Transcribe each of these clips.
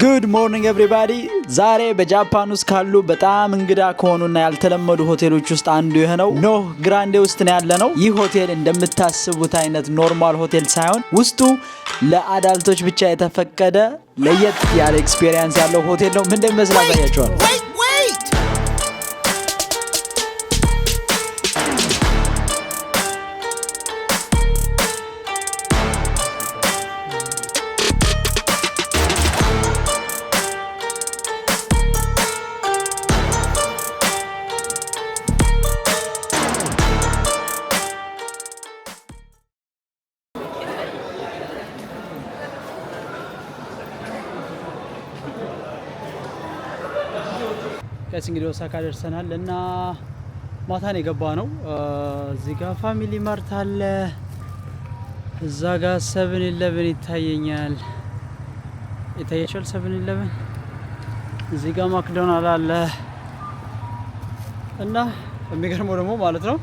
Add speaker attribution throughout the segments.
Speaker 1: ጉድ ሞርኒንግ ኤቭሪባዲ። ዛሬ በጃፓን ውስጥ ካሉ በጣም እንግዳ ከሆኑና ያልተለመዱ ሆቴሎች ውስጥ አንዱ የሆነው ኖህ ግራንዴ ውስጥ ነው ያለ ነው። ይህ ሆቴል እንደምታስቡት አይነት ኖርማል ሆቴል ሳይሆን ውስጡ ለአዳልቶች ብቻ የተፈቀደ ለየት ያለ ኤክስፔሪንስ ያለው ሆቴል ነው። ምን እንደሚመስል ጋይስ እንግዲህ ኦሳካ ደርሰናል እና ማታን የገባ ነው። እዚህ ጋር ፋሚሊ ማርት አለ፣ እዛ ጋር ሰብን ኢለብን ይታየኛል። ይታያችኋል ሰብን ኢለብን። እዚህ ጋር ማክዶናል አለ እና የሚገርመው ደግሞ ማለት ነው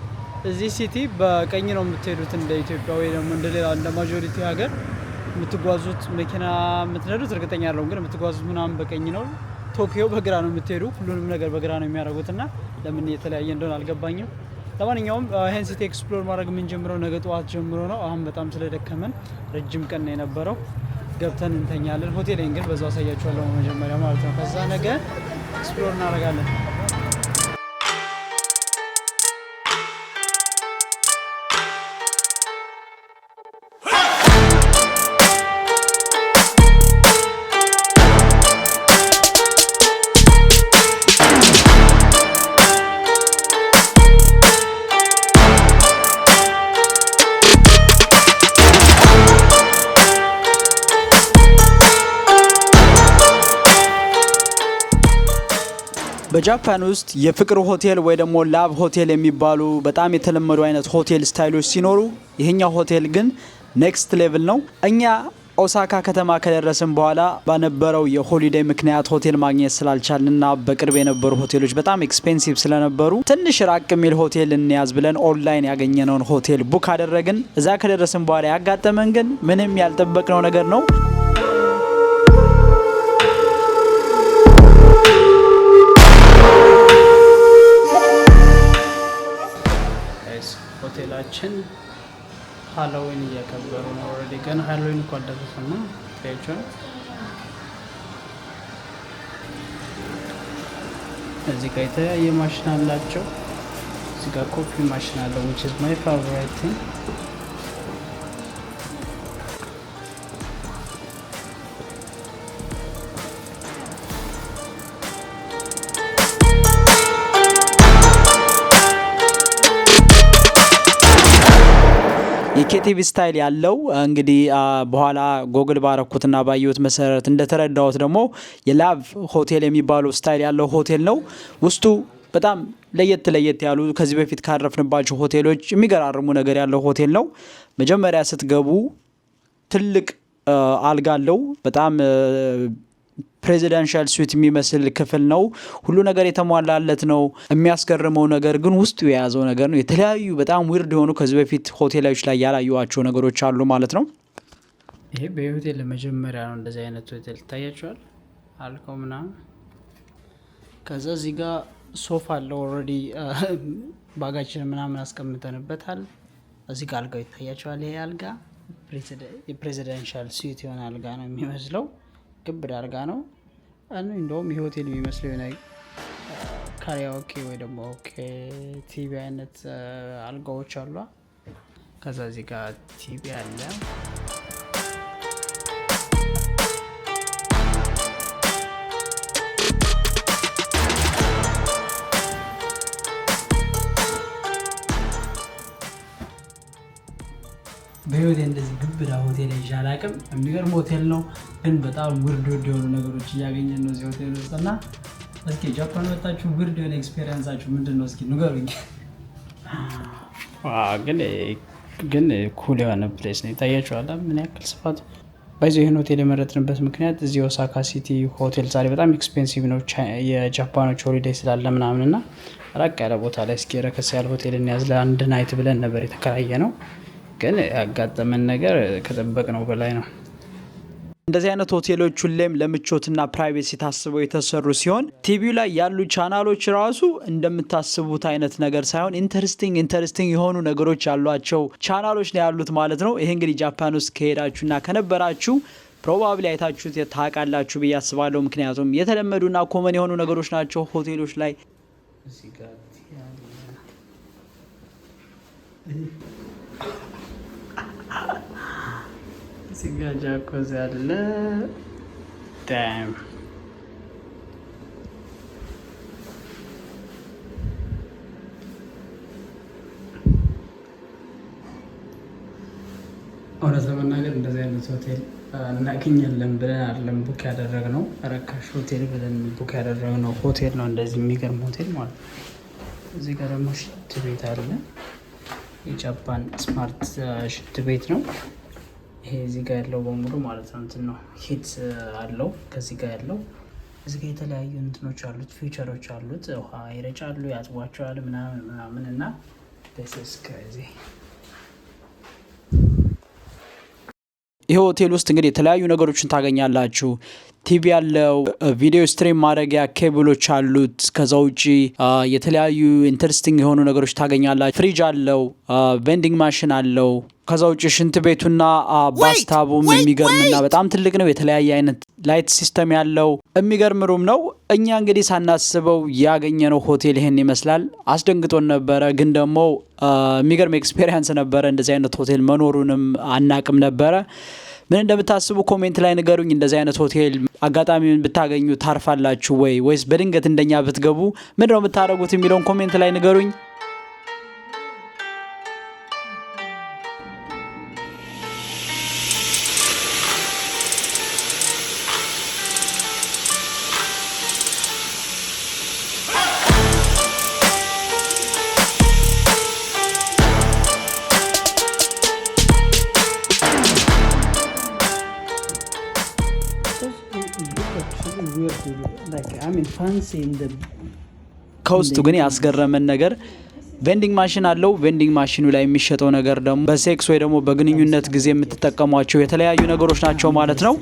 Speaker 1: እዚህ ሲቲ በቀኝ ነው የምትሄዱት እንደ ኢትዮጵያ ወይ ደግሞ እንደ ሌላ እንደ ማጆሪቲ ሀገር የምትጓዙት መኪና የምትነዱት እርግጠኛ ያለው ግን የምትጓዙት ምናምን በቀኝ ነው። ቶኪዮ በግራ ነው የምትሄዱ። ሁሉንም ነገር በግራ ነው የሚያደርጉት እና ለምን የተለያየ እንደሆነ አልገባኝም። ለማንኛውም ይህን ሲቲ ኤክስፕሎር ማድረግ የምንጀምረው ነገ ጠዋት ጀምሮ ነው። አሁን በጣም ስለደከመን ረጅም ቀን ነው የነበረው። ገብተን እንተኛለን። ሆቴሌን ግን በዛው አሳያችኋለሁ መጀመሪያ ማለት ነው። ከዛ ነገ ኤክስፕሎር እናደርጋለን። በጃፓን ውስጥ የፍቅር ሆቴል ወይ ደግሞ ላቭ ሆቴል የሚባሉ በጣም የተለመዱ አይነት ሆቴል ስታይሎች ሲኖሩ ይህኛው ሆቴል ግን ኔክስት ሌቭል ነው። እኛ ኦሳካ ከተማ ከደረስን በኋላ በነበረው የሆሊዴይ ምክንያት ሆቴል ማግኘት ስላልቻልንና በቅርብ የነበሩ ሆቴሎች በጣም ኤክስፔንሲቭ ስለነበሩ ትንሽ ራቅ የሚል ሆቴል እንያዝ ብለን ኦንላይን ያገኘነውን ሆቴል ቡክ አደረግን። እዛ ከደረስን በኋላ ያጋጠመን ግን ምንም ያልጠበቅነው ነገር ነው። ወንድሞቻችን ሀሎዊን እያከበሩ ነው። ኦልሬዲ ገና ሀሎዊን እኮ ነው ታያቸዋል። እዚህ ጋር የተለያየ ማሽን አላቸው። እዚህ ጋር ኮፒ ማሽን አለው ዊች ኢዝ ማይ ፋቮራይት ቲንግ ክሬቲቭ ስታይል ያለው እንግዲህ በኋላ ጎግል ባረኩትና ባየሁት መሰረት እንደተረዳሁት ደግሞ የላቭ ሆቴል የሚባለው ስታይል ያለው ሆቴል ነው። ውስጡ በጣም ለየት ለየት ያሉ ከዚህ በፊት ካረፍንባቸው ሆቴሎች የሚገራርሙ ነገር ያለው ሆቴል ነው። መጀመሪያ ስትገቡ ትልቅ አልጋ አለው በጣም ፕሬዚደንሻል ስዊት የሚመስል ክፍል ነው። ሁሉ ነገር የተሟላለት ነው። የሚያስገርመው ነገር ግን ውስጡ የያዘው ነገር ነው። የተለያዩ በጣም ዊርድ የሆኑ ከዚህ በፊት ሆቴሎች ላይ ያላየዋቸው ነገሮች አሉ ማለት ነው። ይሄ በሆቴል ለመጀመሪያ ነው እንደዚህ አይነት ሆቴል ይታያቸዋል አልከው ምናምን። ከዛ እዚህ ጋር ሶፋ አለ ኦልሬዲ ባጋችን ምናምን አስቀምጠንበታል። እዚህ ጋር አልጋው ይታያቸዋል። ይሄ አልጋ የፕሬዚደንሻል ስዊት የሆነ አልጋ ነው የሚመስለው ግብ ዳርጋ ነው። እንደውም የሆቴል የሚመስለው የሆነ ካሪያዎኬ ወይ ደግሞ ቲቪ አይነት አልጋዎች አሉ። ከዛ እዚህ ጋር ቲቪ አለ። በህይወቴ እንደዚህ ግብዳ ሆቴል ይዤ አላውቅም። የሚገርም ሆቴል ነው። ግን በጣም ውርድ ውድ የሆኑ ነገሮች እያገኘን ነው እዚህ ሆቴል ውስጥ እና እስኪ ጃፓን መጣችሁ ውርድ የሆነ ኤክስፔሪንሳችሁ ምንድን ነው? እስኪ ንገሩኝ። ግን ኩል የሆነ ፕሌስ ነው ይታያችኋል፣ ምን ያክል ስፋት ባይዘ ይህን ሆቴል የመረጥንበት ምክንያት እዚህ ኦሳካ ሲቲ ሆቴል ዛሬ በጣም ኤክስፔንሲቭ ነው፣ የጃፓኖች ሆሊዴይ ስላለ ምናምን ና ራቅ ያለ ቦታ ላይ እስኪ ረከስ ያል ሆቴል እንያዝ ለአንድ ናይት ብለን ነበር የተከራየ ነው። ግን ያጋጠመን ነገር ከጠበቅ ነው በላይ ነው። እንደዚህ አይነት ሆቴሎች ሁሌም ለምቾትና ፕራይቬሲ ታስበው የተሰሩ ሲሆን ቲቪው ላይ ያሉ ቻናሎች ራሱ እንደምታስቡት አይነት ነገር ሳይሆን ኢንተረስቲንግ ኢንተረስቲንግ የሆኑ ነገሮች ያሏቸው ቻናሎች ነው ያሉት ማለት ነው። ይሄ እንግዲህ ጃፓን ውስጥ ከሄዳችሁና ከነበራችሁ ፕሮባብሊ አይታችሁት ታውቃላችሁ ብዬ አስባለሁ። ምክንያቱም የተለመዱና ኮመን የሆኑ ነገሮች ናቸው ሆቴሎች ላይ ሲጋጃ ኮዝ ያለ ዳም እውነት ለመናገር እንደዚህ አይነት ሆቴል እናገኛለን ብለን አለን ቡክ ያደረግነው፣ ረካሽ ሆቴል ብለን ቡክ ያደረግነው ሆቴል ነው። እንደዚህ የሚገርም ሆቴል ማለት ነው። እዚህ ጋር ደግሞ ሽንት ቤት አለ። የጃፓን ስማርት ሽት ቤት ነው። ይሄ እዚህ ጋር ያለው በሙሉ ማለት ነው እንትን ነው ሂት አለው። ከዚህ ጋር ያለው እዚህ ጋር የተለያዩ እንትኖች አሉት፣ ፊውቸሮች አሉት። ውሃ ይረጫሉ፣ ያጥቧቸዋል፣ ምናምን ምናምን እና ከዚህ ይህ ሆቴል ውስጥ እንግዲህ የተለያዩ ነገሮችን ታገኛላችሁ። ቲቪ ያለው ቪዲዮ ስትሪም ማድረጊያ ኬብሎች አሉት። ከዛ ውጪ የተለያዩ ኢንተረስቲንግ የሆኑ ነገሮች ታገኛላችሁ። ፍሪጅ አለው፣ ቬንዲንግ ማሽን አለው። ከዛ ውጭ ሽንት ቤቱና ባስታቡም የሚገርምና በጣም ትልቅ ነው። የተለያየ አይነት ላይት ሲስተም ያለው የሚገርም ሩም ነው። እኛ እንግዲህ ሳናስበው ያገኘነው ሆቴል ይህን ይመስላል። አስደንግጦን ነበረ፣ ግን ደግሞ የሚገርም ኤክስፔሪንስ ነበረ። እንደዚህ አይነት ሆቴል መኖሩንም አናቅም ነበረ። ምን እንደምታስቡ ኮሜንት ላይ ንገሩኝ። እንደዚህ አይነት ሆቴል አጋጣሚውን ብታገኙ ታርፋላችሁ ወይ ወይስ በድንገት እንደኛ ብትገቡ ምንድነው የምታደርጉት የሚለውን ኮሜንት ላይ ንገሩኝ። ከውስጡ ግን ያስገረመን ነገር ቬንዲንግ ማሽን አለው። ቬንዲንግ ማሽኑ ላይ የሚሸጠው ነገር ደግሞ በሴክስ ወይ ደግሞ በግንኙነት ጊዜ የምትጠቀሟቸው የተለያዩ ነገሮች ናቸው ማለት ነው።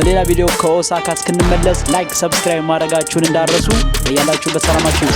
Speaker 1: በሌላ ቪዲዮ ከኦሳካ እስክንመለስ ላይክ፣ ሰብስክራይብ ማድረጋችሁን እንዳረሱ። በያላችሁበት ሰላማችሁ